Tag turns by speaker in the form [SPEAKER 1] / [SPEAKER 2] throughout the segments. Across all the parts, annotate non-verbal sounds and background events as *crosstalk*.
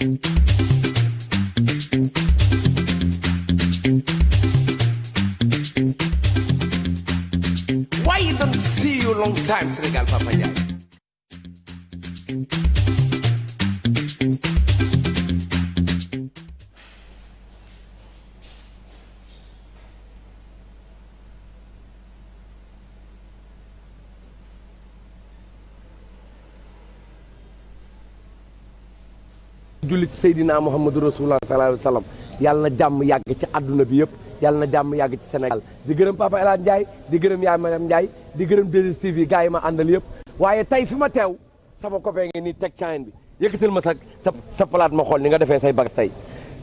[SPEAKER 1] Why you don't see you long time Sénégal Papa Ndiaye Seydina Mouhamadou Rasulullah sallallahu alayhi wa sallam yàlla na jàmm yàgg ci àdduna bi yëpp yàlla na jàmm yàgg ci senegal di gërëm Papa El Hadj di gërëm Yaay ma Ndiaye di gërëm 2STV yi gars yi ma àndal yëpp waaye tey fi ma teew sama copain ngi nii teg caayin bi yëkkatal ma sa sa sa palaat ma xool ni nga defee say bagages tey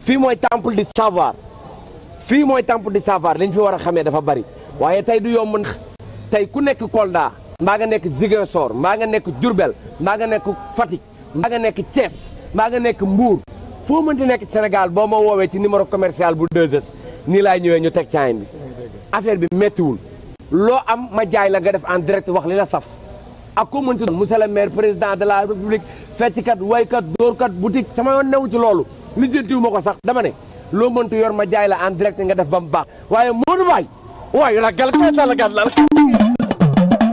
[SPEAKER 1] fii mooy temple du savoir fii mooy temple du savoir liñ fi war a xamee dafa bari waaye tey du yomb ndax tey ku nekk Kolda mbaa nga nekk Ziguinchor mbaa nga nekk Diourbel mbaa nga nekk Fatick mbaa nga nekk Thiès mbaa nga nekk Mbour foo mën di nekk ci Sénégal boo ma woowee ci numéro commercial bu 2S nii laay ñëwee ñu teg caayin bi affaire bi méttiwul loo am ma jaay la nga def en direct wax li la saf ak ko mënti doon monsieur le maire président de la république feccikat waykat dóorkat boutique sama yoon newu ci loolu lijjantiwu ma ko sax dama ne loo mënti yor ma jaay la en direct nga def ba mu baax waaye Modou Baye waaye ragal gàttal gàttal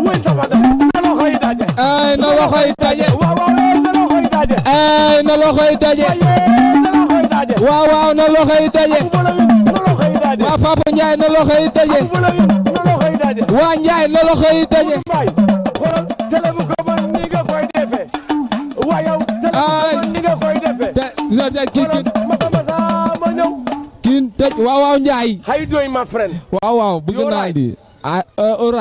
[SPEAKER 1] way sama da na loxoy daje ay ay na loxo yi daje waaw waaw na loxo yi daje waa Papa na loxo yi daje waa Ndiaye na loxo yi daje ay waaw waaw waaw waaw bëgg naa di ah, euh,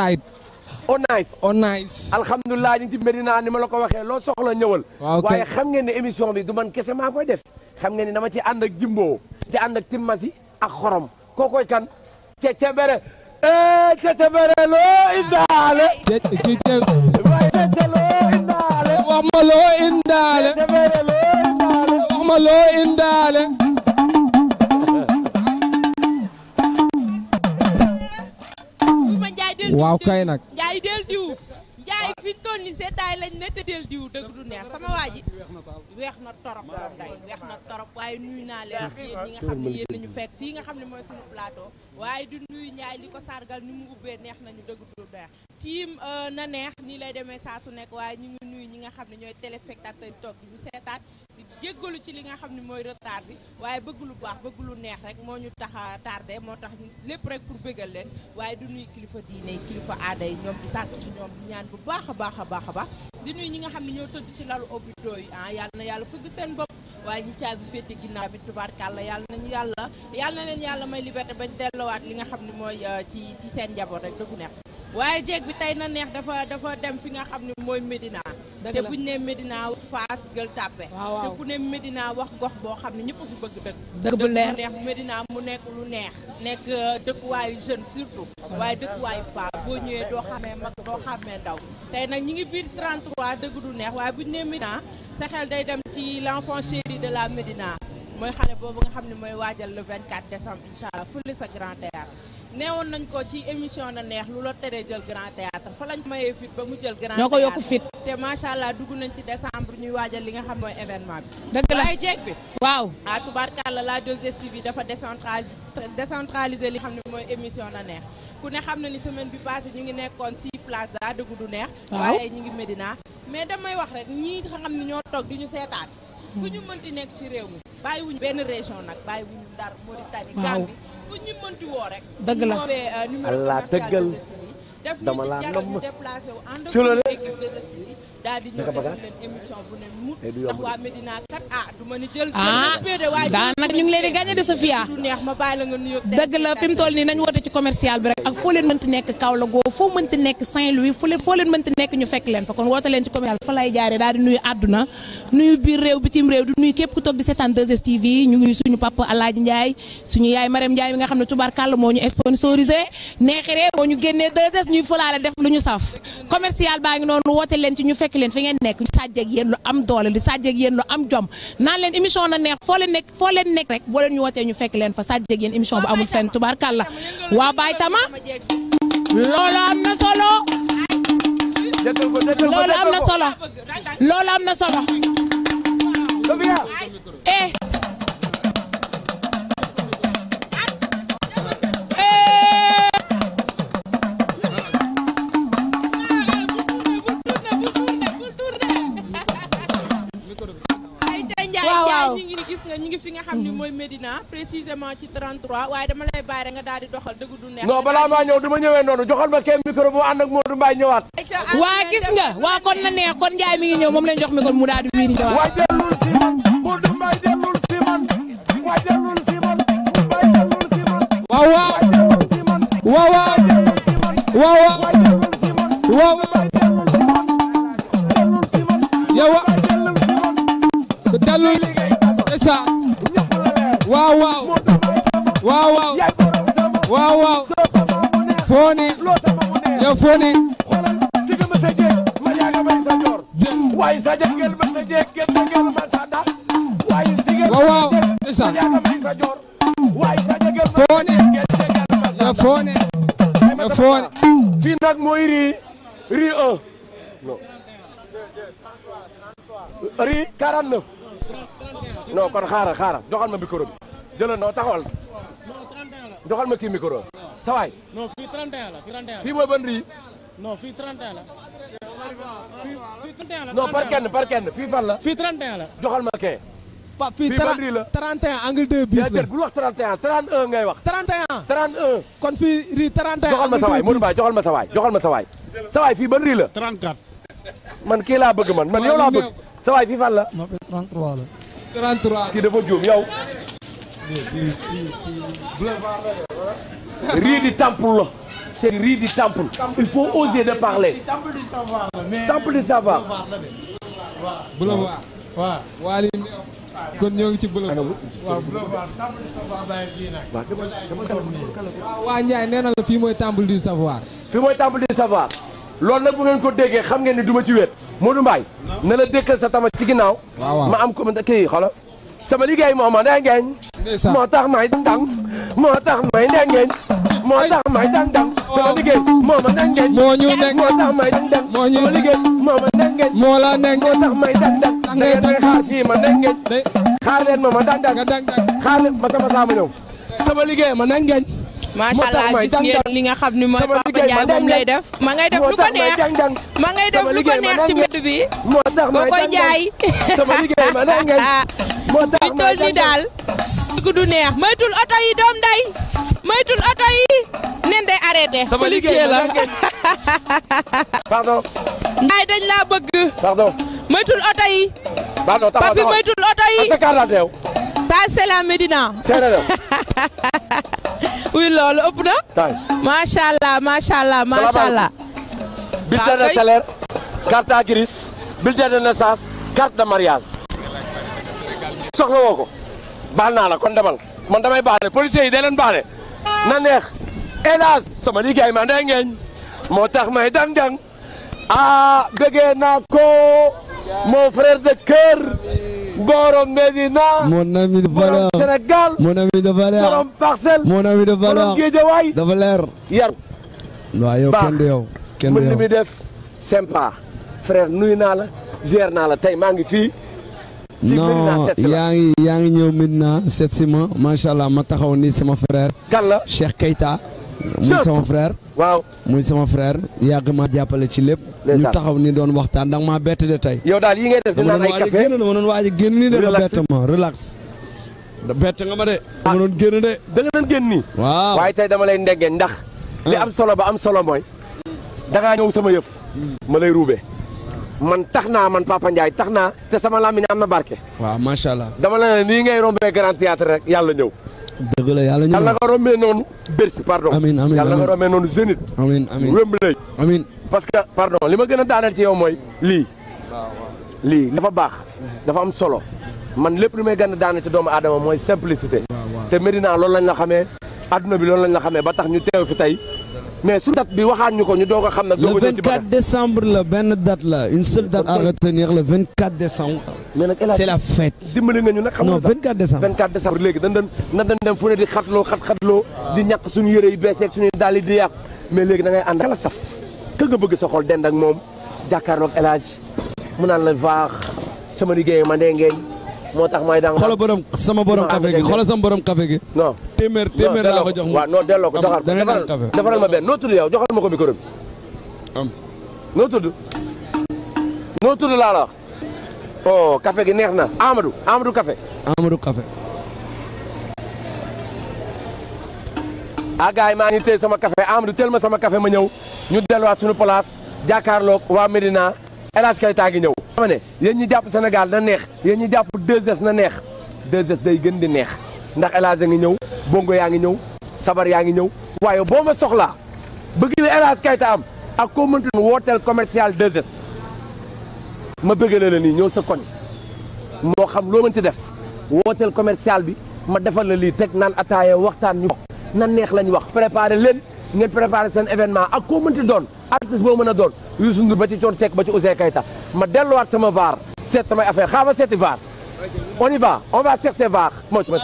[SPEAKER 1] on oh, nice on oh, nice alhamdulilah ñu ngi ci Medina ni ma la ko waxee loo soxla ñëwal waaye xam ngeen ne émission bi du man kese maa koy def xam ngeen ne dama ci ànd ak Jimbo ci ànd ak Timmasi a xorom kookoy kan cecebere e cecebere loo indaale wax ma loo indaale wax ma loo indaale
[SPEAKER 2] del waaw kay nag njaay del diw njaay fi toll ni seetaay lañ ne te del diw dëgg du neex sama waa ji weex na torop day weex na torop waaye nuyu naa leen yéen ñi nga xam ne yéen nañu fekk fii nga xam ne mooy suñu plateau waaye du nuyu njaay li ko sargal ni mu ubbee neex nañu dëgg du neex tiim euh, na neex nii lay demee saa su nekk waaye ñu ngi nuyu ñi nga xam ne ñooy téléspectateur toog seetaan di jéggalu ci li nga xam ne mooy retard bi waaye bëggulu lu baax bëgg lu neex rek moo ñu tax a tardé moo tax lépp rek pour bëggal leen waaye du nuy kilifa diine kilifa aada yi ñoom di sàkk ci ñoom di ñaan bu baax a baax a baax a baax di nuy ñi nga xam ne ñoo tëdd ci lalu hôpitaux yi ah yàlla na yàlla fëgg seen bopp waaye ñi caabi féete ginnaaw bi tubaarkàlla yàlla ñu yàlla yàlla na leen yàlla may liberté bañ waat li nga xam ne mooy euh, ci ci seen njaboot rek dëgg neex waaye jéeg bi tey na neex dafa dafa dem fi nga xam ne mooy Médina te bu ñu nee Medina wax Fass Gueule Tapée. te ku ne Medina wax gox boo xam ne ñëpp a fi bëgg dëkk. dëkk bu neex Medina mu nekk lu neex. nekk euh, dëkkuwaayu jeune surtout. waaye dëkkuwaayu femme boo ñëwee doo xamee mag doo xamee ndaw. tey nag ñi ngi biir 33 dëkk du neex waaye bu ñu nee Medina sa xel day dem ci l'enfant chéri de la Médina. mooy xale boobu nga xam ne mooy waajal le 24 décembre incha allah fële sa grand théâtre neewoon nañ ko ci émission na neex lu la teree jël grand théâtre fa lañ mayee fit ba mu jël grand ñoo ko yokk fit te macha allah dugg nañ ci décembre ñuy waajal li nga xam mooy événement bi dëgg la ay jeeg bi waaw ah tubaarkàlla la 2STV bi dafa décentraliser li nga xam ne mooy émission na neex ku ne xam ne ni semaine bi passé ñu ngi nekkoon si plaza dëgg du neex waaye ñu ngi Médina mais damay wax rek ñii xam ne ñoo toog di ñu seetaan fu ñu mënti nekk ci réew mi bàyyiwuñu benn région nag bàyyiwuñu Ndar Mauritanie Gambie fu ñu mënti woo rek dëgg la euh, allah dëggal dama laa namm ci loolu daal di ñëw def leen émission bu ne mut ah, ah, daanaka ñu ngi leen di gagné de Sofia. dëgg la fi toll nii nañu woote ci commercial bi rek. ak foo leen mënti nekk Kaolack foo mënti nekk Saint-Louis foo leen mënti nekk ñu fekk leen fa kon woote leen ci commercial fa ñu ngi suñu papa Alaaji Ndiaye suñu yaay Marème Ndiaye mi nga xam ne tubaarkàlla moo ñu sponsorisé neexiree moo ñu génnee 2S ñuy fulaale def lu ñu saf commercial baa ngi noonu woote leen ci ñu fekk fekk leen fi ngeen nekk ñu sàjjeeg yéen lu am doole di sàjjeeg yéen lu am jom naan leen émission na neex foo leen nekk foo leen nekk rek boo leen ñu wootee ñu fekk leen fa sàjjeeg yéen émission bu amul fenn la waa Baye Tama loolu am na solo loolu am na solo loolu am na solo eh, waaw ñu ngi gis nga ñu ngi fi nga xam ni mm-hmm. mooy Medina précisément ci 33 waaye dama lay bàyyi rek nga daal di doxal dëgg du neex. non balaa maa ñëw du
[SPEAKER 1] ma ñëwee noonu joxal ma kenn micro bu ànd ak Modou Mbaye ñëwaat. waa gis nga
[SPEAKER 2] waa kon na neex kon Ndiaye mi ngi ñëw moom lañ jox mi kon mu daal di wiiri ñëwaat. waa dellul si man Modou Mbaye dellul si man waa dellul si man Mbaye dellul si man. waaw waaw
[SPEAKER 1] waaw waaw waaw waaw. ndeysaan waaw waaw waaw waaw waaw waaw fooni yow fooni waaw waaw ndeysaan fooni yow fooni yow fooni fii nag mooy ri ri 1 ri 49 non kon xaaral xaaral joxal ma micro bi jëlal non taxawal joxal ma kii micro sa waay
[SPEAKER 3] non fii 31 la fii 31 la fii mooy ban rii non fii 31 la
[SPEAKER 1] fii 31 la non par kenn par kenn fii fan la fii 31 la joxal ma kee pa fii 31 angle 2 bis la bu wax 31 31 ngay wax 31 31 kon fii rii 31 joxal ma sa waay Modou Mbaye joxal ma sa waay joxal ma sa waay sa waay fii ban rii la 34 man kii laa bëgg man man yow laa bëgg sa waay fii fan la 33 la 33 kii dafa juum di temple la. c'est rii di temple. il faut oser de parler. temple savoir mais temple du savoir. boulevard waaw waaw kon ngi ci boulevard. waaw boulevard temple du savoir laay fii nag. waaw waa Ndiaye nee na la fii mooy temple du loolu nag bu ngeen ko déggee xam ngeen ni duma ci wet. Modou Mbaye na la dëkkal sa tama ci ginnaaw ma am commune kii xolo sama liggéey moo ma ndengeeñ moo tax may dang moo tax may ndengeeñ moo tax may sama liggéey moo ma ndengeeñ moo ñu nekk moo tax may dang dang moo ñu sama liggéey moo ma ndengeeñ moo la ndengeeñ moo tax may dang dang da ngeen may ma ndengeeñ xaar leen ma ma dang dang xaar leen ma sama sama ñëw sama liggéey ma ndengeeñ macha allah gis ngeen li nga xam ni ma Papa moom lay def ma ngay def lu ko neex ma ngay def lu ko neex ci mbedd bi
[SPEAKER 2] boo koy jaay li *laughs* toll ni daal dugg neex maytul oto yi doom nday maytul oto yi nen day arrêté policier *laughs* dañ laa bëgg maytul oto yi pardon maytul oto yi Parcelles Médina *laughs* *laughs* oui loolu ëpp na. macha allah macha allah macha allah. de salaire
[SPEAKER 1] carte de naissance carte de mariage. soxla woo baal naa kon demal man damay baale policiers yi dee baale na neex hélas sama liggéey ma ndey moo tax may dang-dang ah bëggee naa ko mon frère de cœur. borom Medina.
[SPEAKER 4] mon ami de valeur borom Sénégal. mon ami de valeur borom
[SPEAKER 1] parcelle. mon ami de valeur borom Géejawaay. dafa leer yar.
[SPEAKER 4] waaw yow kenn
[SPEAKER 1] du naa la ziar naa la tey maa ngi fii. yaa ngi
[SPEAKER 4] yaa ngi ñëw Medina seet si ma macha taxaw ni sama frère. kan la Cheikh muy sama frère. waaw muy sama frère yàgg ma jàppale ci lépp ñu taxaw ni doon waxtaan ndax maa bett de tey yow daal yi ngay def dama doon waaj a génn dama doon waaj a génn nii de nga bett ma
[SPEAKER 1] relax bett ma de dama doon génn de ah, da nga waaw waaye tey dama lay ndege ndax li ah. am solo ba am solo mooy dangaa ñëw sama yëf ma lay ruube man tax naa man Papa Ndiaye tax naa te sama làmmiñ am na barke
[SPEAKER 4] waaw macha allah
[SPEAKER 1] dama la ne nii ngay rombee grand théâtre rek yàlla ñëw
[SPEAKER 4] dëgg yàlla ñu. yàlla nga
[SPEAKER 1] rombee noonu. Bercy pardon amiin amiin yàlla nga rombee noonu Zénith. amiin amiin Wembley. amiin parce que pardon li ma gën a daaneel ci yow mooy lii. lii dafa baax. dafa am solo. man lépp lu may gën a daaneel ci doomu aadama mooy simplicité. te Medina loolu lañ la xamee. àdduna bi lool lañ la xamee ba tax ñu teew fi tey mais su date bi waxaat ñu ko ñu doog a xam nag. le 24
[SPEAKER 4] décembre la benn date la une seule date à retenir le 24 décembre. c'est la fête.
[SPEAKER 1] dimbali ñu nag xam nga non 24 décembre 24 décembre léegi dañ doon na dañ dem fu ne di xatloo xat-xatloo di ñàkk suñu yëre yu bees ak suñu daal yi di yàqu mais léegi da ngay ànd kala saf ka bëgg sa xol dend ak moom jàkkaarloog El Hadj mu naan la vaax sama liggéey ma ndengeen moo tax maay daan xoolal borom sama borom café gi xoolal sama borom café gi.
[SPEAKER 4] non téeméer téeméer jox mu. waaw non ko joxal defaral ma
[SPEAKER 1] benn noo tudd yow joxal ma ko micro bi. am noo tudd. noo tudd laa la oh, gi neex na Amadou Amadou café Amadou café ah gars yi maa ngi téye sama café Amadou ma sama café ma ñëw ñu delluwaat suñu place jàkkaarloog waa Medina El Hadj Keita a dama ne yéen ñi jàpp Sénégal na neex yéen ñi jàpp 2S na neex 2S day gën di neex ndax El a ngi ñëw Bongo yaa ngi ñëw Sabar yaa ngi ñëw waaye boo ma soxlaa bëgg li El Hadj Keita am ak koo mënti wooteel commercial 2S ma bëggale la nii ñëw sa koñ moo xam loo mënti def wooteel commercial bi ma defal la lii teg naan ataaya waxtaan ñu na neex lañ wax préparé leen ngeen préparé seen événement ak koo mënti doon artiste boo mën a doon Youssou Ndour ba ci Thione Seck ba ci Ouzin Keita ma waat sama vaar seet samay affaire xaaral ma seeti vaar on y va
[SPEAKER 2] on va chercher vaar moo ci ma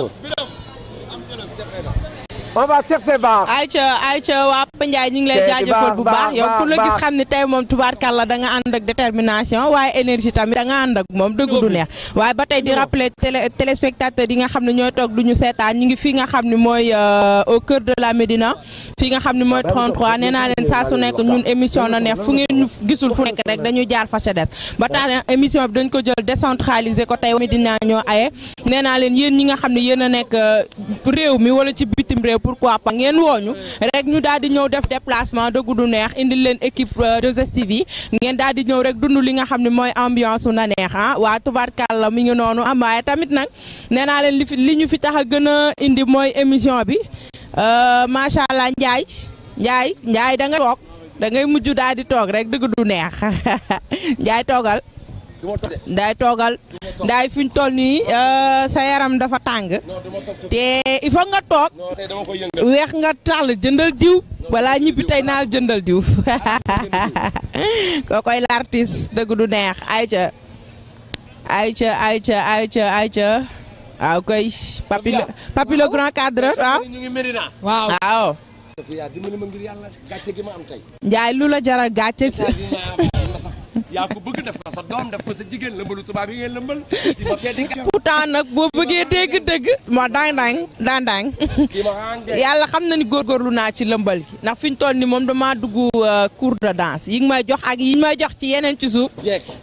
[SPEAKER 2] on va chercher waa Papa Ndiaye ñu ngi lay jaajëfal bu baax yow ku la gis xam ne tey moom tubaarkàlla da nga ànd ak détermination waaye énergie tamit danga ànd ak moom dëgg du neex. waaye ba tey di rappeler télé téléspectateurs yi nga xam ne ñooy toog du ñu seetaan ñu ngi fi nga xam ni mooy euh, au cœur de la Médina fi nga xam ne mooy 33 nee naa leen saa su nekk ñun émission na neex fu ngeen ñu gisul fu nekk rek dañuy jaar fa ca des ba tax na émission bi dañ ko jël décentraliser ko tey Médina ñoo aye nee naa leen yéen ñi nga xam ne yéen a nekk euh, réew mi wala ci bitim pourquoi pas ngeen wooñu rek ñu daal di ñëw def déplacement dëgg du neex indil leen équipe euh, de 2STV ngeen daal di ñëw rek dund li nga xam ne mooy ambiance su na neex ah waa la mi ngi noonu am ah, waaye tamit nag nee naa leen li fi li ñu fi tax a gën a indi mooy émission bi euh, macha allah Ndiaye Ndiaye Ndiaye da nga toog dangay mujj daal di toog rek dëgg du neex *laughs* Ndiaye toogal. Ndiaye toogal. ndaay fi ñu toll nii euh, sa yaram dafa tàng te il faut nga toog weex nga taal jëndal diw wala ñibbi tey naal jëndal diw *laughs* ah, *laughs* kookoy l'artiste dëgg du neex ayca ayca ayca ayca ayca waaw koy papi papi grand cadre waaw Njaay lu la jaral gàcce
[SPEAKER 1] yaa ko bëgg def ko sa doom def ko sa jigéen lëmbalu tubaab yi ngeen lëmbal.
[SPEAKER 2] pourtant nag boo bëggee dégg-dégg. ma daañu daañu daañu daañu. yàlla xam na ni góorlu naa ci lëmbal yi ndax fi ñu toll ni moom damaa dugg euh, cours de danse yi nga may jox ak yi may jox ci yeneen ci suuf.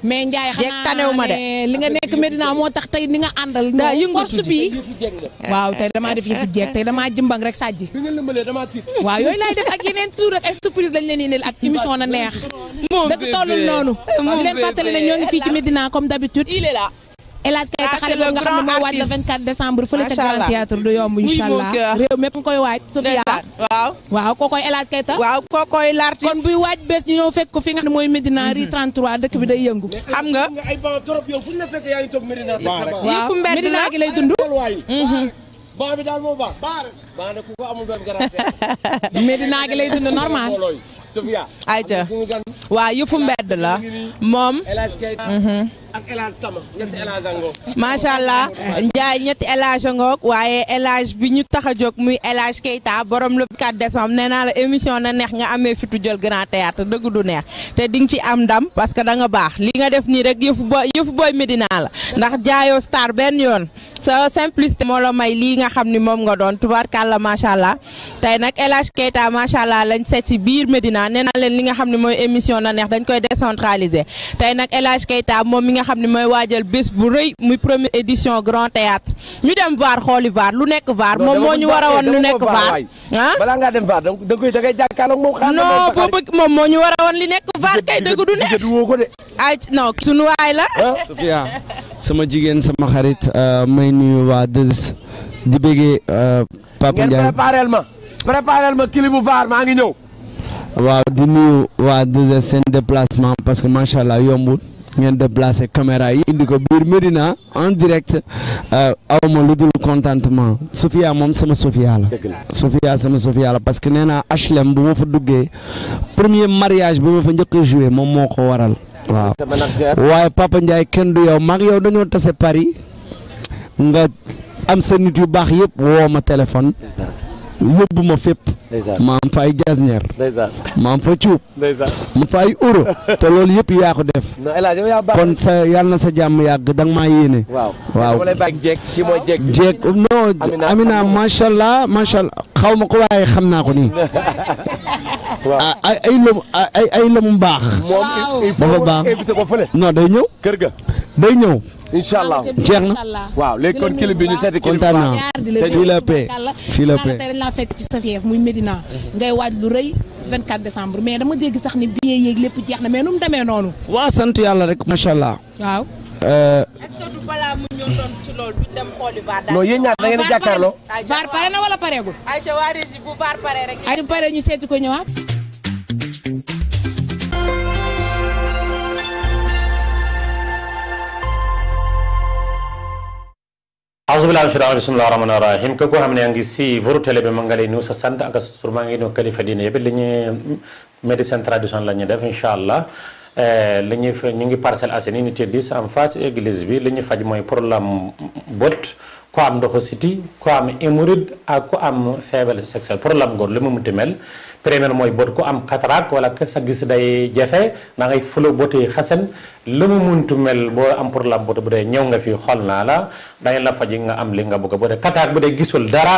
[SPEAKER 2] mais Ndiaye xanaa tanew ma de li nga nekk Medina moo tax tey ni nga àndal. daa yëngatu bi waaw tey damaa def yëfu jeeg tey damaa jëmbang rek sàjji. waaw yooyu laay def ak yeneen suur ak ay surprise lañ leen yéeneel ak émission na neex. dëgg tollul noonu di leen fàttali ne ñoo ngi fii ci Medina comme d'habitude il est là. El Hadj Keita xale ba nga xam ne moo waaj le 24 décembre fële ca Grand Théâtre du yomb incha allah réew mépp nga koy waaj Sofia waaw waaw kookoy El Hadj Keita waaw kon buy waaj bés ñëw fekk fi nga xam mm-hmm. nga la
[SPEAKER 1] fekk yaa ngi toog Médina waaw Médina gi lay dund
[SPEAKER 2] mm-hmm.
[SPEAKER 1] maanaam ku ko amul doon garab
[SPEAKER 2] *laughs* Medina gi lay dund normal. ayca waaw yëfu mbedd la moom. Mhm.
[SPEAKER 1] ak El Hadj Tama ñetti El allah
[SPEAKER 2] Ndiaye ñetti El Hadj Ango waaye elage bi ñu tax a jóg muy El Hadj Keita la le 4 décembre naa la émission na neex nga amee fitu jël grand théâtre dëgg du neex te di nga ci am ndam parce que da nga baax li nga def nii rek yëfu booy yëfu booy Medina la ndax jaayoo star benn yoon sa simplicité moo la may lii nga xam ni moom nga doon tubaarkaal yàlla macha allah tey nag El Hadj Keita macha allah lañ seet si biir Medina nee leen li nga xam ne mooy émission na neex dañ koy décentraliser tey nag El Hadj moom mi nga xam ne mooy waajal bés bu rëy muy première édition Grand Théâtre ñu dem Vaar xooli Vaar lu nekk Vaar ah? moom moo ñu war a woon lu nekk Vaar da nga da ngay jàkkaarloog moo ñu war li nekk Vaar kay dëgg du ne. ay non sunu waay la. Ah? Sofia
[SPEAKER 4] sama jigéen sama xarit euh, may nuyu waa 2 di bëggee euh, préparel
[SPEAKER 2] ma préparel
[SPEAKER 1] ma kilimu vaar maa ngi ñëw.
[SPEAKER 4] waaw di nuyu waa di déplacement parce que macha allah yombu ngeen déplacé caméra yi indi ko biir Médina en direct euh, a ma lu dul contentement Sofia moom sama Sofia la. Sofia sama Sofia la parce que nee naa HLM bu ma fa duggee premier mariage bi ma fa njëkk a moom moo ko waral. waaw Papa Ndiaye kenn du yow mag yow dañoo tase Paris nga. am sa nit yu baax yëpp woo ma téléphone yóbbu ma fépp ma fa ay jasneer ma fa cuub ma fa ay euro te loolu yëpp yaa ko def kon sa yàlla na sa jàmm yàgg da nga maa yéene waaw
[SPEAKER 1] jeeg
[SPEAKER 4] Amina macha allah macha allah xaw ma ko waaye xam naa ko nii *laughs* waaw ah, ay ay lom ay baax dafa baax
[SPEAKER 1] non day ñëw day ñëw incha allah jeex na waaw léegi kon
[SPEAKER 2] kilib bi ñu seeti mhm. ni billet yeeg lépp jeex na mais nu mu demee noonu waa
[SPEAKER 4] sant yàlla rek macha allah waaw euh,
[SPEAKER 2] est-ce que du da ngeen di jàkkaarloo VAR seeti ko ñëwaat
[SPEAKER 3] hawsubillahi rahmani rahim ko ko hamne angi si vurtele ɓe mangale nu sasanta aka surmagi no kalifa dine yeɓe leñi médecine traditionnel lañi def inchallah leñi eh, ñu ngi parcelle aseni unité 10 en eh, face église bi leñi faj mooy problème bot ko am ndoxositi ko am hémorroïde ak ko am faible sexuel problème goor li mu muti première mooy bët ku am cataracte wala sa gis day jafe da ngay fula bëti xasan lu mu muntu mel boo am pour la bët bu dee ñëw nga fii xool naa la dañ la faji nga am li nga bëgg bu dee cataracte bu dee gisul dara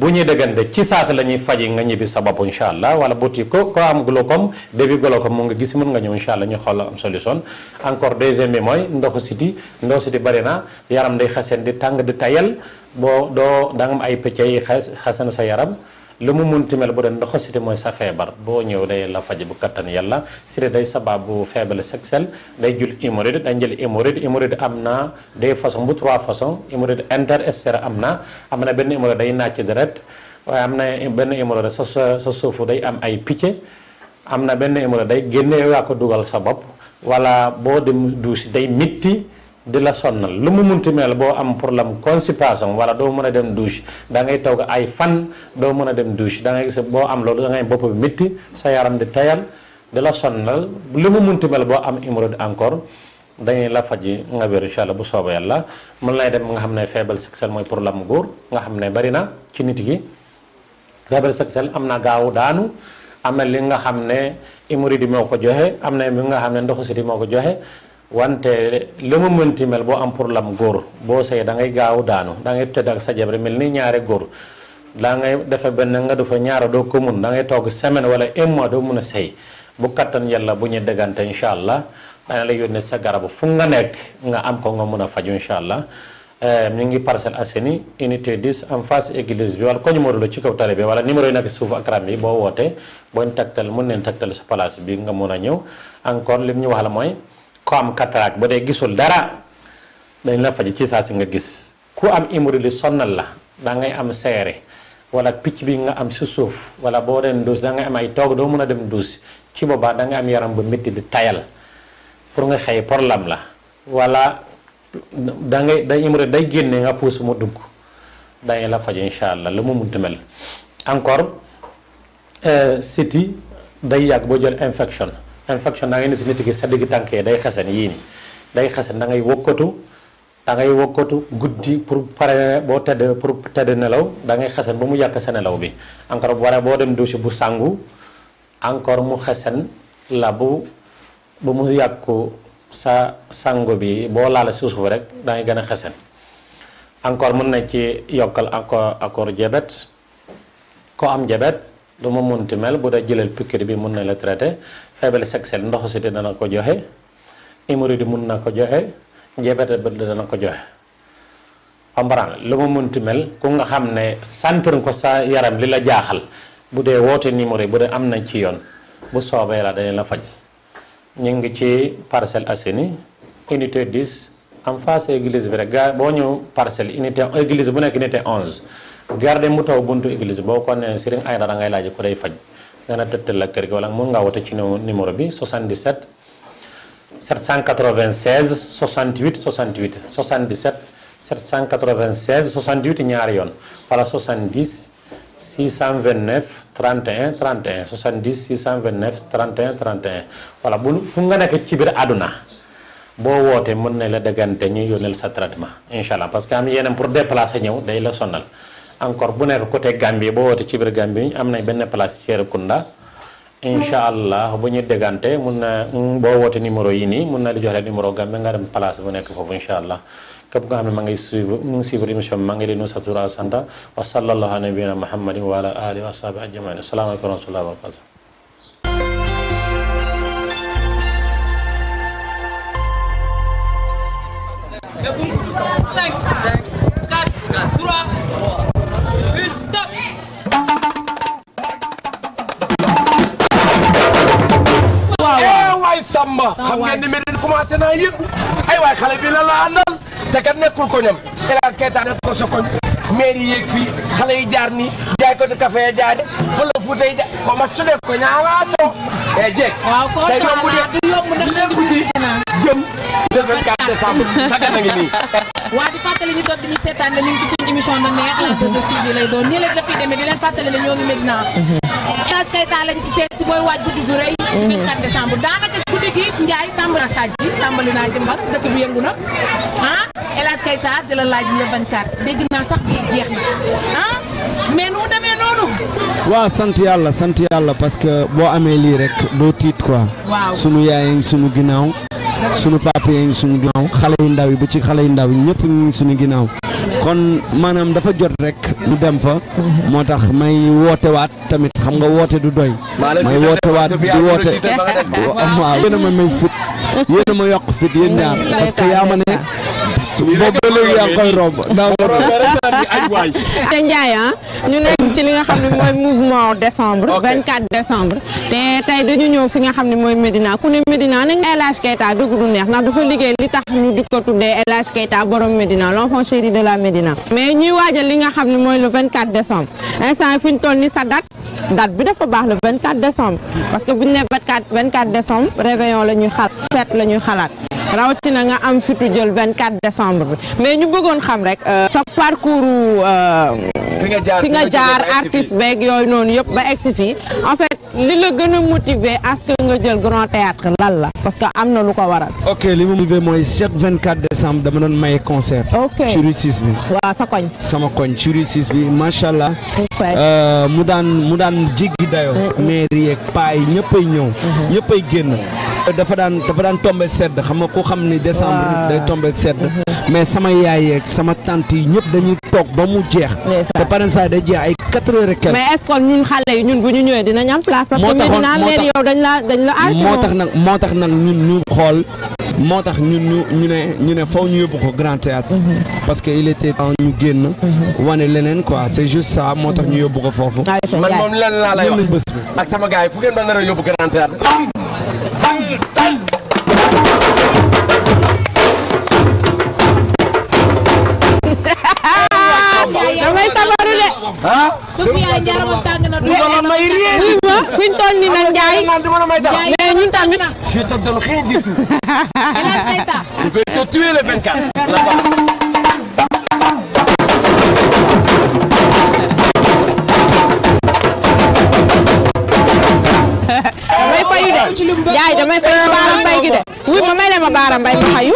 [SPEAKER 3] bu ñu dëggante ci saas la ñuy faji nga ñibbi sa bopp incha allah wala bët yi ko ko am glaucome début glaucome mu nga gis mën nga ñëw incha allah ñu xool am solution encore deuxième bi mooy ndoxu siti ndoxu siti bari na yaram day xasan di tàng di tayal boo doo da nga ay pëcc yi xasan sa yaram lu mu munti mel bu doon ndoxosité mooy sa feebar boo ñëw day la faj bu kattan yàlla sida day sababu faible sexuelle day jul hémorroïde day jël hémorroïde hémorroïde am na des façons bu trois façons hémorroïde interstitielle am na am na benn hémorroïde day nàcc deret waaye am na benn hémorroïde sa sa suufu day am ay picc am na benn hémorroïde day génne waa ko dugal sa bopp wala boo dem duusi day mitti di la sonnal lu mu munti mel boo am problème constipation wala doo mën a dem douche da ngay toog ay fan doo mën a dem douche da ngay gis boo am loolu da bopp bi métti sa yaram di tayal di la sonnal lu mu munti mel boo am hémorroïde encore dañuy la faji nga wér incha bu sooba yàlla mën lay dem nga xam ne faible sexuel mooy problème góor nga xam ne bari na ci nit gi faible sexuel am na gaaw daanu am na li nga xam ne hémorroïde moo ko joxe am na li nga xam ne ndoxu siti moo ko joxe wante la ma ti mel boo am pour lam góor boo sëy da ngay gaaw daanu da ngay tëdd ak sa jabar mel ni ñaari góor daa ngay defe benn nga du fa ñaara doo ko mun da ngay toog semaine wala un mois doo mun a sëy bu kattan yàlla bu ñu dëggante incha allah dana la yónnee sa garabu fu nga nekk nga am ko nga mun a faju incha allah euh, ñu ngi Parcelles Assainies unité 10 en face église bi wala ko ñu Modou ci kaw tali bi wala numéro yi nekk suuf ak ram yi boo wootee booñ taktal mun neen taktal sa place bi nga mun a ñëw encore li lim ñu wax la mooy ko am cataracte bu dee gisul dara dañ la faj ci saa si nga gis ku am lu sonnal la da ngay am seere wala picc bi nga am si suuf wala boo den duus da ngay am ay toog doo mën a dem duus ci boobaa da am yaram bu métti di tayal pour nga xëy problème la wala da ngay day hémorroïde day génnee nga puus mu dugg dañ la faj incha allah lu mu muntu mel encore euh, siti day yàgg boo jël infection infection da ngay ne si nit ki sa digg tànk yi day xasan yii nii day xasan da ngay wokkatu da ngay wokkatu guddi pour pare boo tëdd pour tëdd nelaw da ngay xasan ba mu yàq sa nelaw bi encore bu waree boo dem douche bu sangu encore mu xasan la bu ba mu yàqu sa sangu bi boo laala si suuf rek da gën a xasan encore mën na ci yokkal encore encore jabet koo am jabet lu mun munti mel bu dee jëlal piqûre bi mun na la traité feebale ndox ndoxosité dana ko joxe hémorroïde mun na ko joxe njeebete bët dana ko joxe comprendre lu mu munti mel ku nga xam ne santir ko sa yaram li la jaaxal bu dee wootee numéro yi bu dee am nañ ci yoon bu soobee la dañu la faj ñu ngi ci Parcelles Assainies unité 10 en face église bi rek gaa boo ñëw parcelle unité église bu nekk unité 11 garde mu taw buntu église boo ko nee Serigne Aïdara ngay laaj ko day faj dana tëttal ak kër gi wala mun ngaa woote ci numéro bi 77 796 68 68 77 796 68 ñaari yoon wala 70 629 31 31 70 629 31 31 voilà bu fu nga nekk ci biir àdduna boo wootee mën na la dëggante ñu yónneel sa traitement incha allah parce que am yeneen pour déplacer ñëw day la sonal. encore bu nekk côté Gambie boo wootee ci biir Gambie am nañ benn place Serekunda incha allah bu ñu déggante mun na boo wootee numéro yi nii mun na di joxe numéro Gambie nga dem place bu nekk foofu incha allah képp nga xam ne ma ngi suivre mu ngi suivre émission bi maa ngi leen di nuyu sant wa sallallahu ala nabiyina muhammadin wa ala alihi wa sahbihi ajmain asalaamaaleykum wa rahmatullahi
[SPEAKER 1] Bamba xam ngeen ni Médine commencé naa yëngu ay waay xale bi la la àndal te kat nekkul ko ñam El Hadj Keita nekk ko sa koñ maire yi yéeg fii xale yi jaar nii jaay ko di café ya jaar wala fuuta yi jaar ko ma su nekk ko ñaawaa coow e eh, jeeg te yomb de lépp di jëm.
[SPEAKER 2] waa di fàttali ñu toog di seetaan ne ci suñu émission na neex la 2STV doon nii la dafay demee di leen fàttali ne ñoo ngi Medina. Elaj Keita lañ ci seet si mooy waaj guddi gu rëy. 24 décembre daanaka guddi gi Ndiaye tàmbali Sadji tàmbali naa jëmbat dëkk bi yëngu na ah Elaj di la laaj le 24 dégg naa sax bi jeex na ah mais nu noonu.
[SPEAKER 4] waaw sant yàlla sant yàlla parce que boo amee lii rek doo tiit quoi. waaw sunu yaay sunu ginnaaw. sunu papa yi suñu ginnaaw xale yu ndaw yi ba ci xale yu ndaw yi ñëpp ñu suñu ginnaaw kon maanaam dafa jot rek ñu dem fa moo tax may woote waat tamit xam nga woote du doy may woote waat di woote *laughs* waaw yéen a ma may fit yéen ma yokk fit yéen ñaar parce yaa ma ne boobu ba léegi yaa ngi koy romb naa ko romb.
[SPEAKER 2] te Ndiaye ah ñu nekk ci li nga xam ne mooy mouvement décembre. 24 décembre. te tey dañu ñëw xam ne mooy Medina ku ne Medina nañ El Hadj Keita dëgg du neex ndax dafa liggéey li tax ñu di ko tuddee El Hadj Keita borom l'enfant chéri de la Medina. mais ñuy waajal li nga xam ne mooy le 24 décembre instant fi ñu toll ni sa date. date bi dafa baax le 24 décembre parce que bu ñu nee 24 24 décembre réveillon la ñuy xalaat fête rawatina nga am fitu jël 24 décembre bi mais ñu bëggoon xam rek euh, sa parcours euh, fi nga jaar artiste beeg yooyu noonu yëpp ba egsi fii en li la gën a motiver à ce que nga jël grand théâtre lan la parce que am na lu ko waral.
[SPEAKER 4] ok li ma motiver mooy chaque vingt quatre décembre dama doon maye concert. ok ci rue 6 bi. waaw sa koñ. sama koñ ci rue bi macha allah. Euh, mu daan mu daan jéggi dayoo. maire yeeg paa yi ñëppay ñëw. Mm-hmm. ñëppay génn. dafa daan dafa daan tombé sedd xam nga ku xam ni décembre. day tombe sedd. Mm-hmm. mais sama yaay yeeg sama tante yi ñëpp dañuy toog ba mu jeex. te parents saa da jeex ay quatre heures et quelques. mais
[SPEAKER 2] est ñun xale yi ñun bu ñu ñëwee dinañ am place. parce que Médina mère dañ la dañ la moo tax
[SPEAKER 4] nag moo tax nag ñun ñu xool moo tax ñun ñu ñu ne ñu ne faw ñu yóbbu ko grand théâtre mm-hmm. parce que il était temps ñu génn. Mm-hmm. wane leneen quoi c'est juste ça moo tax ñu yóbbu ko foofu. Ah, man moom lenn laa lay wax
[SPEAKER 1] ak sama gars yi fu ngeen doon nar a yóbbu grand théâtre.
[SPEAKER 2] ah Sofia Ndiaye ma ma may rien oui ma
[SPEAKER 1] ñu tamit. je te donne rien du tout. *laughs*
[SPEAKER 3] damay
[SPEAKER 2] fayu de. yaay damay fayu baara mbay gi de. ma may ma baara ma xayu.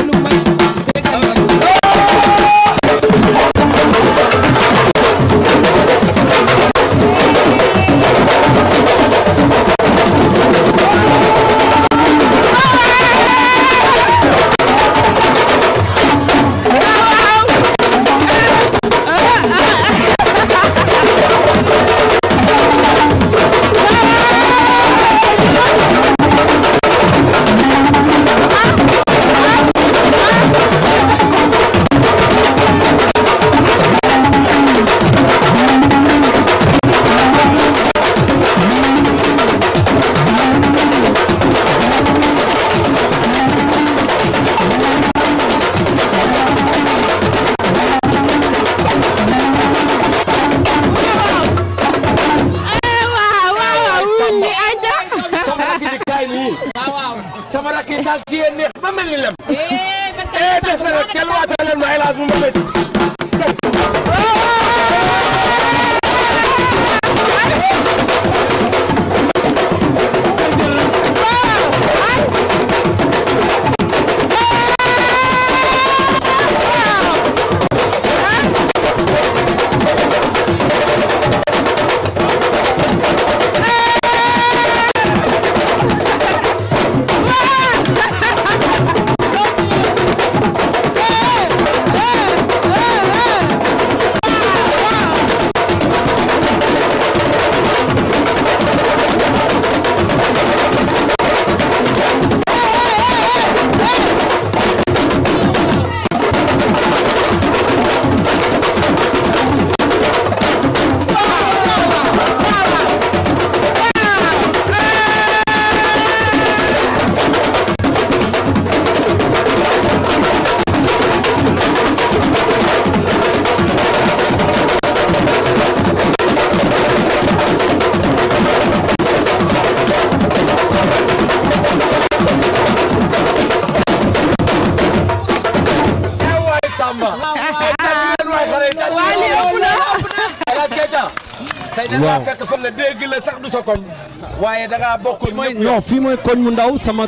[SPEAKER 1] da ngaa bokkul ñëpp non fii mooy koñ mu ndaw sama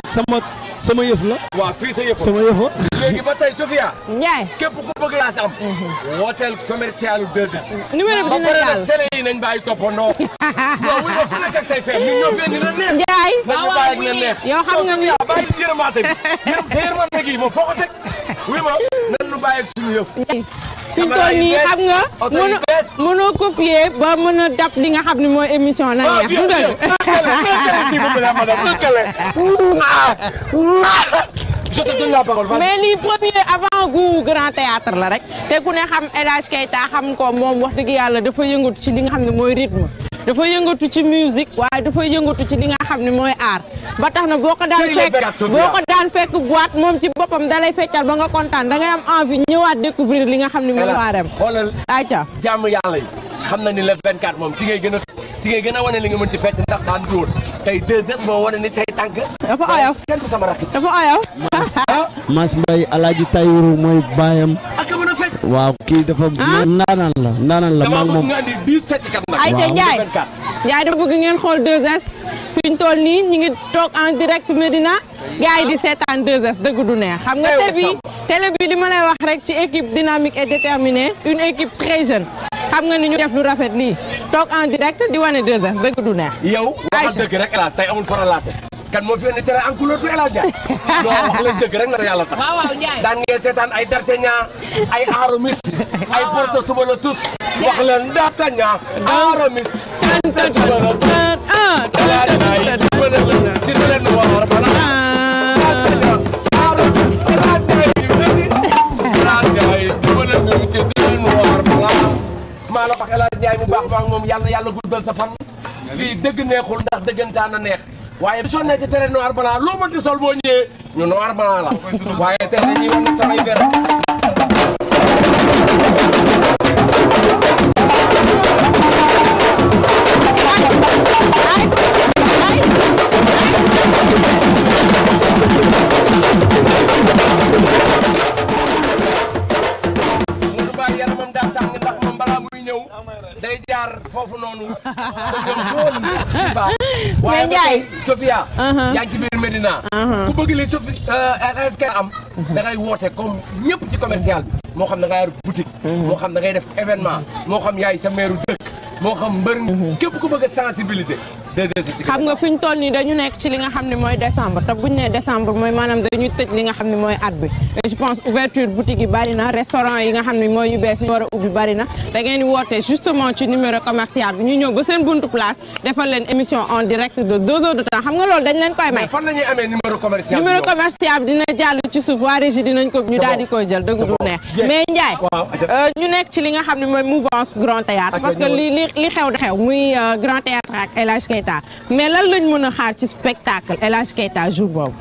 [SPEAKER 1] sama yëf la. sa yëf sama yëf léegi ba tey Sofia. Ndiaye képp ku bëgg laa am. hôtel mm-hmm. commercial 2S. numéro bi dina jàll ba pare télé yi nañ bàyyi toppandoo. *laughs* waaw wuy ba ku nekk ak say fee ñun ñoo fee dina neex. Ndiaye waaw xam nga ni yow bàyyi yërëmaate bi yërëm sa yërëmaate gi moom foo ko teg wuy nu bàyyi ak suñu yëf. fi mu toll nii xam nga mënu
[SPEAKER 2] mënoo copier ba mën a dab li nga xam ne mooy émission na ah, neex mu dëgg ah, *laughs* je
[SPEAKER 1] te la mais
[SPEAKER 2] lii premier avant goût grand théâtre la rek te ku ne xam El Hadj Keita xam ko moom wax dëgg yàlla dafa yëngut ci li nga xam ne mooy rythme dafa yëngatu ci musique waaye dafa yëngatu ci li nga xam ne mooy art ba tax na boo ko daan fekk boo ko daan fekk boîte moom ci boppam dalay feccal ba nga kontaan da ngay am envie ñëwaat découvrir li nga xam ne mooy waaram xoolal aca
[SPEAKER 1] jàmm yàlla yi xam na ni la le 24 moom ci ngay gën a ci gën a wane li nga mën ci fecc ndax daan dóor tey 2S moo wane ni say tànk
[SPEAKER 2] dafa oyof dafa oyof
[SPEAKER 4] Mass ah. Mbaye Alaaji Tayiru mooy baayam waaw kii dafa. Ah? ndaanaan la ndaanaan la. maag moom damaa
[SPEAKER 2] bëgg Ndiaye. da bëgg ngeen xool 2S fi ñu toll nii ñu ngi toog en direct Medina gars yi di seetaan 2S dëgg du neex. xam nga télé bi télé li ma lay wax rek ci équipe dynamique et déterminée une équipe très jeune. xam nga nu ñu def lu rafet lii toog en direct di wane 2S dëgg du neex. yow
[SPEAKER 1] waxal dëgg rek hélas tey amul faralaate. kan moo fi indi tere en couleur du El Hadj Ndiaye. *laughs* non wax leen dëgg rek na yàlla tax. waaw waaw Ndiaye daan ngeen seetaan ay Dartagna ay Aramis. ay Porto suba la tous. wax leen Dartagna Aramis. Porto suba la tous. ah Dartagna ci leen nu wax war bala. Dartagna Aramis. maa la wax El Hadj Ndiaye mu baax maa ngi moom yàlla yàlla guddal sa fan. fii dëgg neexul ndax dëggantaan a neex. waaye bu sonnee ci tere noir blanc loo mënti sol boo ñëwee ñu noir blanc la waaye tey dañuy wan samay verre Baye Ndiaye Sofia uh-huh. yaa ngi ci biir Medina uh-huh. li Sofi euh, LSK am uh-huh. da ngay woote comme ñëpp ci commercial bi moo xam ne ngay yor boutique moo xam da ngay def événement moo xam yaay sa meeru dëkk moo xam mbër képp ku bëgg a sensibiliser
[SPEAKER 2] xam nga fi ñu toll nii dañu nekk ci li nga xam ne mooy décembre te bu ñu nee mooy maanaam dañuy tëj li nga xam ne mooy at bi je pense ouverture boutique yi bari restaurant yi nga xam ne mooy yu bees ñu war ubbi bari na da woote justement ci numéro commercial bi ñu ñëw ba seen buntu place defal leen émission en direct de deux heures de temps xam nga loolu dañ leen koy may. numéro commercial bi dina jàll ci suuf waa régie dinañ ko ñu daal euh, ñu nekk Keita mais lan lañ mën a xaar ci spectacle El Hadj Keita jour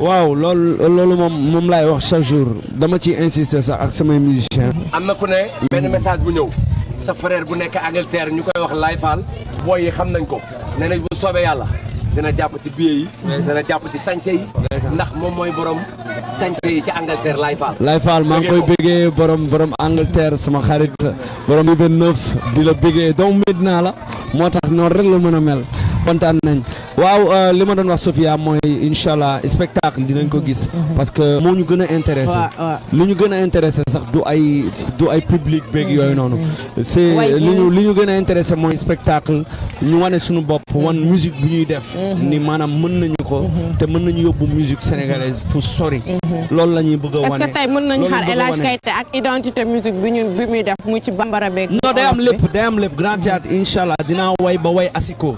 [SPEAKER 4] waaw loolu loolu moom moom laay wax chaque jour dama ci insister sax ak samay musiciens.
[SPEAKER 1] am na ku ne. benn message bu ñëw. sa frère bu nekk Angleterre ñu koy wax Laye Fall. booy xam nañ ko nee bu soobee yàlla. dina jàpp ci billet yi. dina jàpp ci sañse yi. ndax moom borom sañse yi ci Angleterre Laye Fall. Laye maa ngi koy
[SPEAKER 4] bëggee borom borom Angleterre sama xarit borom bi benn neuf di la bëggee doomu Medina la moo tax noonu rek la mën a mel. kontaan nañ waaw euh, li ma doon wax Sofia mooy incha allah spectacle dinañ ko gis. Mhm. parce que moo ñu gën a intéressé. lu ñu gën a intéressé sax du ay du ay public beeg mhm. yooyu noonu. c'est li ñu li ñu gën a intéressé mooy spectacle ñu wane suñu bopp mhm. wan musique bu ñuy def. ni maanaam mën nañu ko. te mën nañu yóbbu musique sénégalaise fu sori. lool la ñuy bëgg a wane est-ce que tey mën nañu xaar El Hadj
[SPEAKER 2] ak identité musique bi muy def mu ci bambara beeg. noo day am
[SPEAKER 4] lépp day am lépp grand théâtre incha allah dinaa way ba way asiko.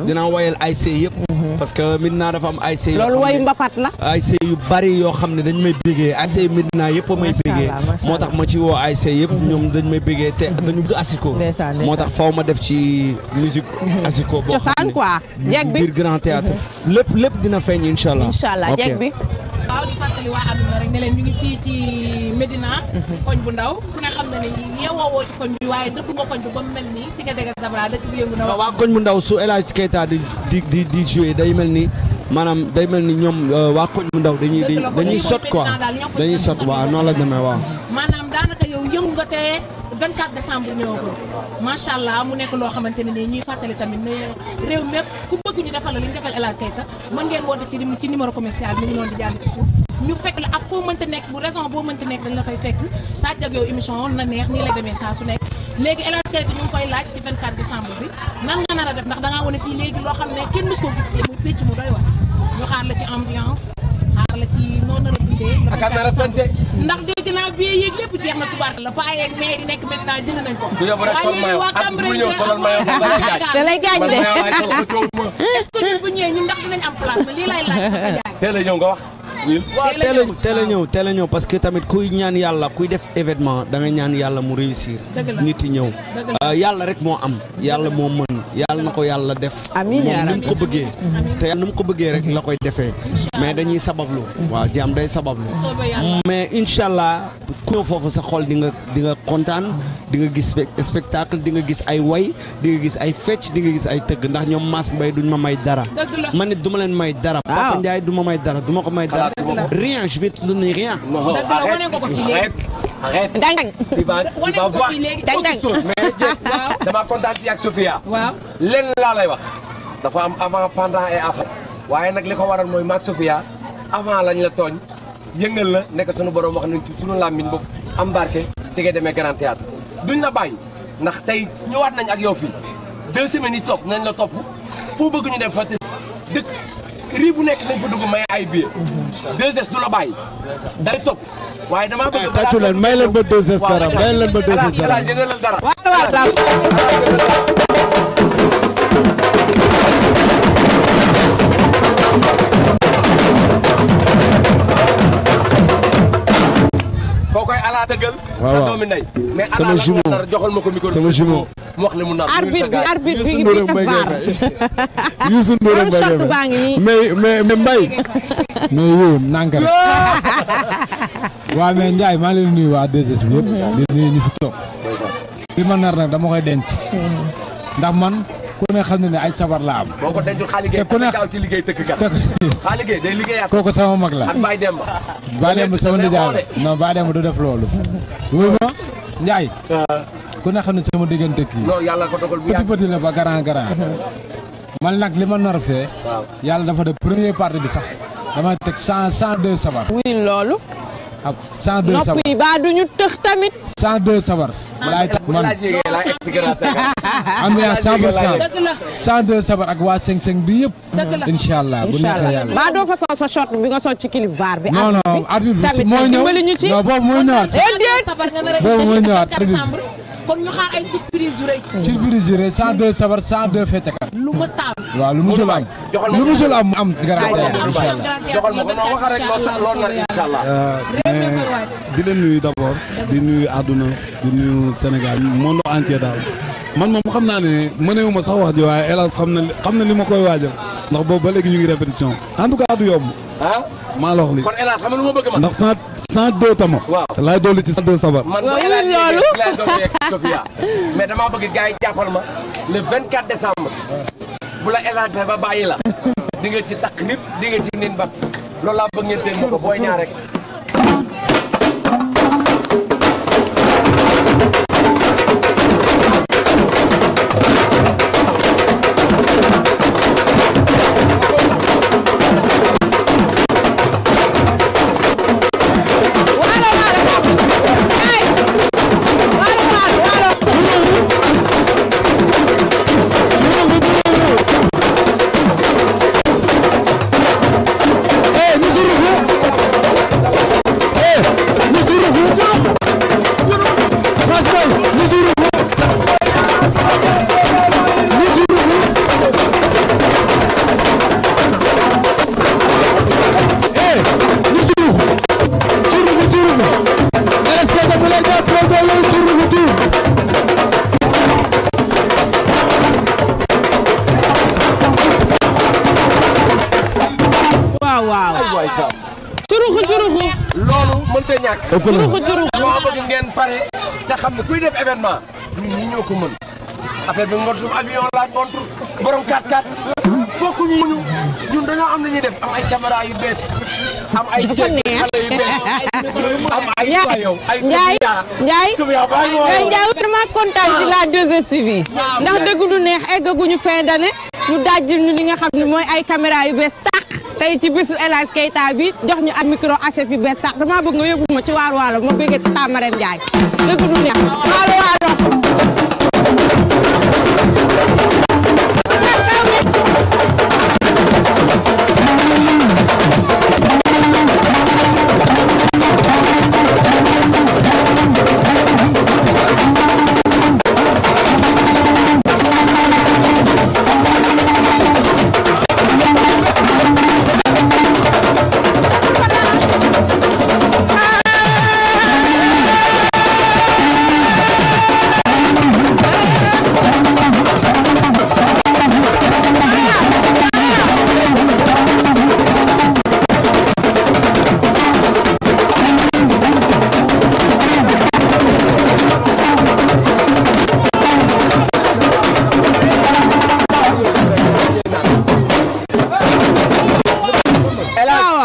[SPEAKER 4] Mm-hmm. dinaa wayal ASC yëpp. Mm-hmm. parce que Médina dafa am ASC. yoo xam ne
[SPEAKER 2] loolu
[SPEAKER 4] yu bari yoo xam ne dañ may bégee ASC Médina yëpp may bégee. moo tax ma ci woo ASC yëpp. Mm-hmm. ñoom dañ may bégee te dañu bëgg asiko. moo tax faw ma def ci musique asiko boo xam ne cosaan quoi. jeeg bi biir grand lépp lépp dina feeñ incha allah. incha allah jeeg
[SPEAKER 2] waaw waa leen ñu ngi fii ci Médina. Mhm. koñ bu ndaw ku ne xam
[SPEAKER 4] mu ndaw su El Hadj Keita di di di joué day mel ni maanaam day mel ni ñoom euh, waa koñ bu ndaw dañuy dañuy sot quoi dañuy sot waaw noonu la demee waaw.
[SPEAKER 2] maanaam daanaka yow yëngu nga tee. 24 décembre ñëwagul macha allah mu nekk loo xamante ne nii ñuy fàttali tamit ne réew mépp ku bëgg ñu defal la li ñu defal El Hadj mën ngeen woote ci ci numéro commercial mi ngi noonu di jàll ci suuf. ñu fekk la ak foo mënta nekk bu raison boo mënta nekk dañ la fekk saa yow émission na neex nii lay demee saa su nekk léegi El Hadj ñu ngi koy laaj ci 24 décembre bi nan nga nar a def ndax da ngaa wane fii léegi loo xam ne kenn mës koo gis ci muy a am na sant ndax dégg naa lépp jeex na tubaar la paa yeeg maire yi nekk maintenant nañ ko du yow rek mayo ak bis bu mayo
[SPEAKER 1] da lay gaañ de
[SPEAKER 2] est bu ñëwee ñun ndax dinañ am place ba lii lay laaj
[SPEAKER 1] teel a ñëw nga wax waaw
[SPEAKER 2] a
[SPEAKER 4] teel a ñëw teel ñëw parce que tamit kuy ñaan yàlla kuy def événement da ñaan yàlla mu réussir nit yi ñëw euh, yàlla rek moo am yàlla moo mën yàlla na ko yàlla def amiin mu ko bëggee te yàlla ni mu ko bëggee rek la koy defee mais dañuy sabablu waaw jaam day sabablu mais incha ku ñëw foofu sa xol di nga di kontaan di nga gis spectacle di nga gis ay way di gis ay fecc di nga gis ay tëgg ndax ñoom Mass Mbaye duñ ma may dara man nit du ma leen may dara Papa Ndiaye du ma may dara du ma ko may dara rien je vais
[SPEAKER 1] te donner rien
[SPEAKER 4] arrête
[SPEAKER 2] dang dang.
[SPEAKER 1] tu ak Sofia. waaw lenn laa lay wax. dafa am avant pendant et après. waaye nag li ko waral mooy maak Sofia avant lañ la tooñ yëngal la nekk sunu borom wax nañ ci sunu làmmiñ am embarqué ci ngay demee Grand duñu la bàyyi ndax tey ñëwaat nañ ak yow fii deux semaines yi topp nañ la topp fu bëgg ñu dem fa te dëkk rii bu nekk nañ fa dugg may ay biir 2S du la bàyyi day topp waaye damaa bëgg eh, tàccu leen
[SPEAKER 3] may leen ba 2S dara may leen ba
[SPEAKER 1] tëggal. sa sama jumeau mais joxal ma ko micro sama jumeau wax mu nar. arbitre bi arbitre bi ngi fi vaar *laughs* Youssou Ndour ak Mbaye Kébé mais mais mais Mbaye. mais *laughs* maa ngi leen nuyu waa 2S bi yëpp. Mm-hmm. di nuyu ñu fi toog. li ma nar nag dama koy denc. Mm-hmm. ndax man. ku ne xam ne ne ay sabar la am. ko dencul xaaligé te ku ne ci liggéey tëkkkat. xaaligé day liggéeyaat. kooku sama mag la ak Baye Demba. Baye Demba sama nijaay la non Baye Demba du def loolu. wuy ma Ndiaye. Euh. ku ne xam ne sama diggante kii. non yàlla ko dogal bu yàgg petit petit la ba grand grand. man nag li ma nar fee. yàlla dafa def première partie bi sax damay teg sabar.
[SPEAKER 2] wuy loolu.
[SPEAKER 1] ak 102 sabar nopp yi
[SPEAKER 2] ba duñu tëx tamit. 102 sabar. laay
[SPEAKER 1] man *laughs* am naa 100% 102 sabar ak waa 55
[SPEAKER 2] bi yëpp. dëgg la incha allah bu neexee yàlla. ba short bi nga sol ci kilib baar bi. non non arbitre bi mooy ñëw tamit tamit dimbali ñu ci. non boobu mooy ñëwaat. Eh, boobu mooy bi. kon ñu xaar ay surprise yu rëy. surprise
[SPEAKER 1] yu rëy 102 sabar 102 feccekat. lu mës a am. waaw lu mësul am lu mësul am am garanti incha allah
[SPEAKER 4] di leen nuyu d'abord di nuyu àdduna di nuyu Sénégal monde entier daal man moom xam naa ne mënewuma sax wax ji waaye hélas xam na xam na li ma koy waajal. ndax boobu ba léegi ñu ngi répétition en tout cas du yomb. ah maa la wax li kon
[SPEAKER 1] El xam nga ma bëgg man. ndax cent cent deux tama. waaw dolli ci cent deux sabar. man mooy El dolli ak Sofia mais damaa bëgg gars jàppal ma le vingt 24 décembre. bu la El Hadj ba bàyyi la. di nga ci takk nit nga ci nin bat loolu laa bëgg ngeen seen ma booy ñaar rek. juruxu juruxu dama bëgg ngeen pare te xam ne kuy def événement ñun ñoo ko mën affaire bi ngotum avion la contre borom 4-4 bokkuñu ñu ñun dañoo am nañuy def am ay caméra yu bees am ay xale yu bees
[SPEAKER 2] am ay waa yow ay Njaay Njaay Njaay Njaay war ma kontaan ci la 2STV ah. ah, ndax dëgg lu neex eggaguñu fin d'année ñu dajjil ñu li nga xam ne mooy ay caméra yu bees tey ci bisu El Hadj Keita bi jox ñu ab micro HF yu bees sax dama bëgg nga yóbbu ma ci waar waalo ma bëggee Tata Marème Ndiaye dëgg du neex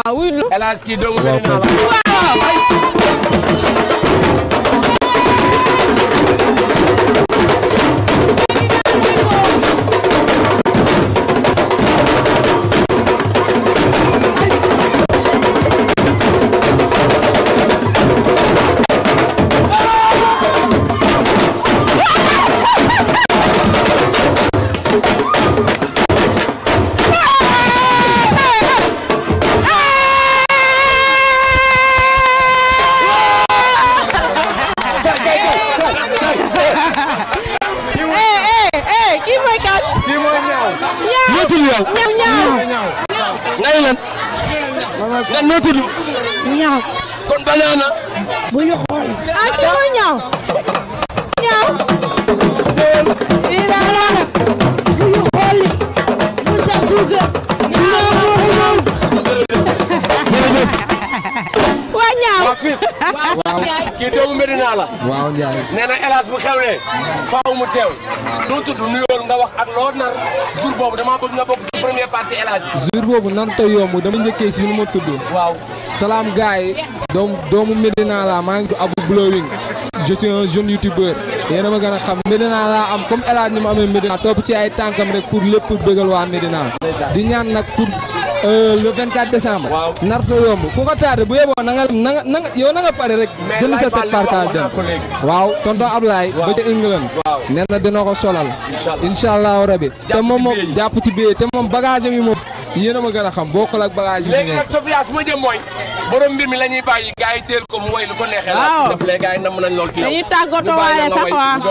[SPEAKER 2] waaw wuy lu. El Hadj kii doomu
[SPEAKER 1] benn naa la. waaw. paree faaw mu teew doo tudd nuyool nga wax ak loo nar jour boobu damaa bëgg nga bokk ci première si nu ma tudd waaw salaam gars yi doom doomu Medina maa ngi Abou Blowing je suis un jeune youtubeur ma gën a xam Medina laa am comme El ni ma amee Medina topp ci ay tànkam rek pour lépp bëggal waa Medina di ñaan nag pour Euh, le 24 décembre. waaw nar fa yomb ku ko tardé bu yeboo na na yow na nga pare rek. jënd sa set partage dem waaw tonton Ablaye. ba ca England. waaw dina ko solal. incha allahu rabi te moom moom jàpp ci biir te moom bagage yi moom. yéen a ma gën a xam bokkul ak bagage yi. léegi nag ma jëm mooy. borom mbir mi la ñuy bàyyi gars yi teel ko mu woy lu ko neexee. waaw la si gars yi namm a lool ci yow. dañuy tàggatoo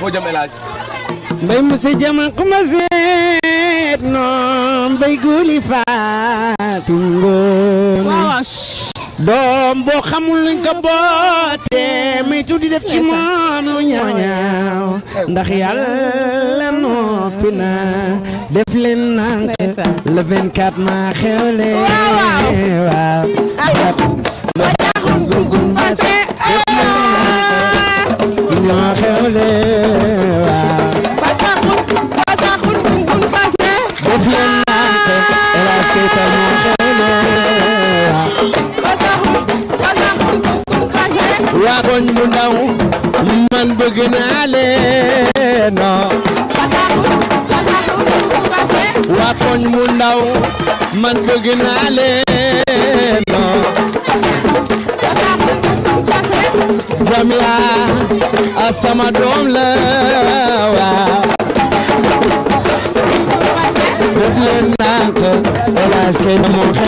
[SPEAKER 1] boo jëm El
[SPEAKER 3] mbay mu si
[SPEAKER 4] jama ku ma seet noom bay guli faatu ngoone doom boo xamul luñ ko boote may tuddi def ci moom lu ñaaw ñaaw ndax yàlla noppi na def leen nank le 24 ma xewle waaw ah, ah. ma jaaxum gurgun ma se ah, def leen nank ñoo xewle waaw waa koñ bu ndaw man bëgg naa leen waa koñ sama doom la Mas que ele não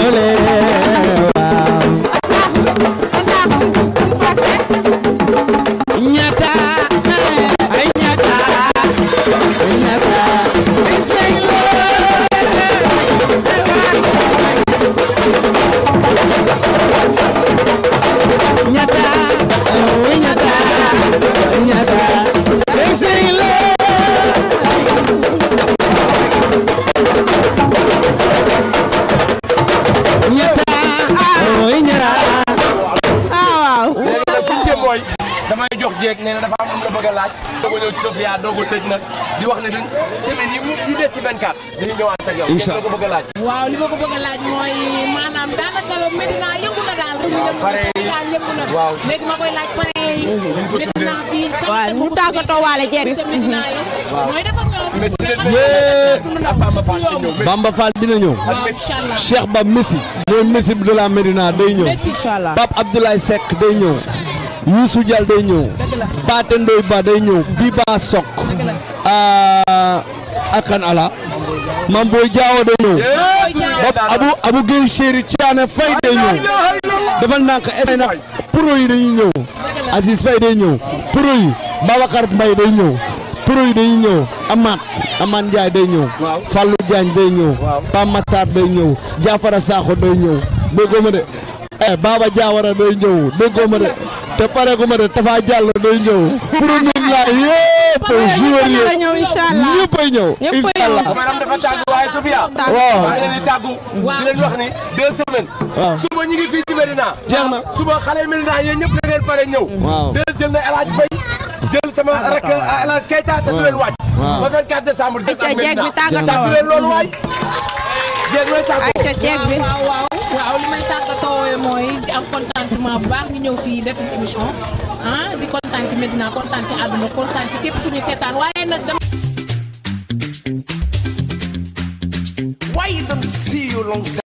[SPEAKER 1] laaj doog a ñëw ci Sofia doog mooy maanaam daanaka Medina
[SPEAKER 2] Medina fii waaw mu tàggatoo waale
[SPEAKER 4] Ba Messi mooy Messi de la Medina day ñëw Pape Abdoulaye Seck day ñëw Youssou Dial day ñëw Paate Ndoy Ba day ñëw Biba Sok akan ala Mam Boy Diawo day ñëw Abu Abu Gueye Chéri Thiané day ñëw dafa nànk essay na pro yi dañuy ñëw Aziz Faye day ñëw pro yi Babacar Mbaye day ñëw pro yi dañuy ñëw Amath Amath Ndiaye day ñëw Fallou Diagne day ñëw Pam day ñëw Diafara Sakho day ñëw déggoo ma de eh Baba Diawara doy ñëw déggoo ma te pare ko ma de Tafa Diallo doy ñëw. pour ñun laa yëpp joueur yëpp ñëw incha
[SPEAKER 3] allah. maanaam
[SPEAKER 1] dafa suba ñu ngi fii ci Medina. jeex na ah, suba xale yi Medina yéen ñëpp da ngeen pare ñëw. waaw jël na El Hadj jël sama rakk ah, El Hadj Keita te du leen wàcc. waaw ba 24 décembre.
[SPEAKER 2] jël ak Medina jël loolu waay.
[SPEAKER 1] jeeg
[SPEAKER 2] waaw li may tàggatoo mooy di am contentement bu baax ñu ñëw fii def une ah, di kontaan ci Medina kontaan ci àdduna kontaan képp ku ñu seetaan waaye nag dama. Why you don't see you long time?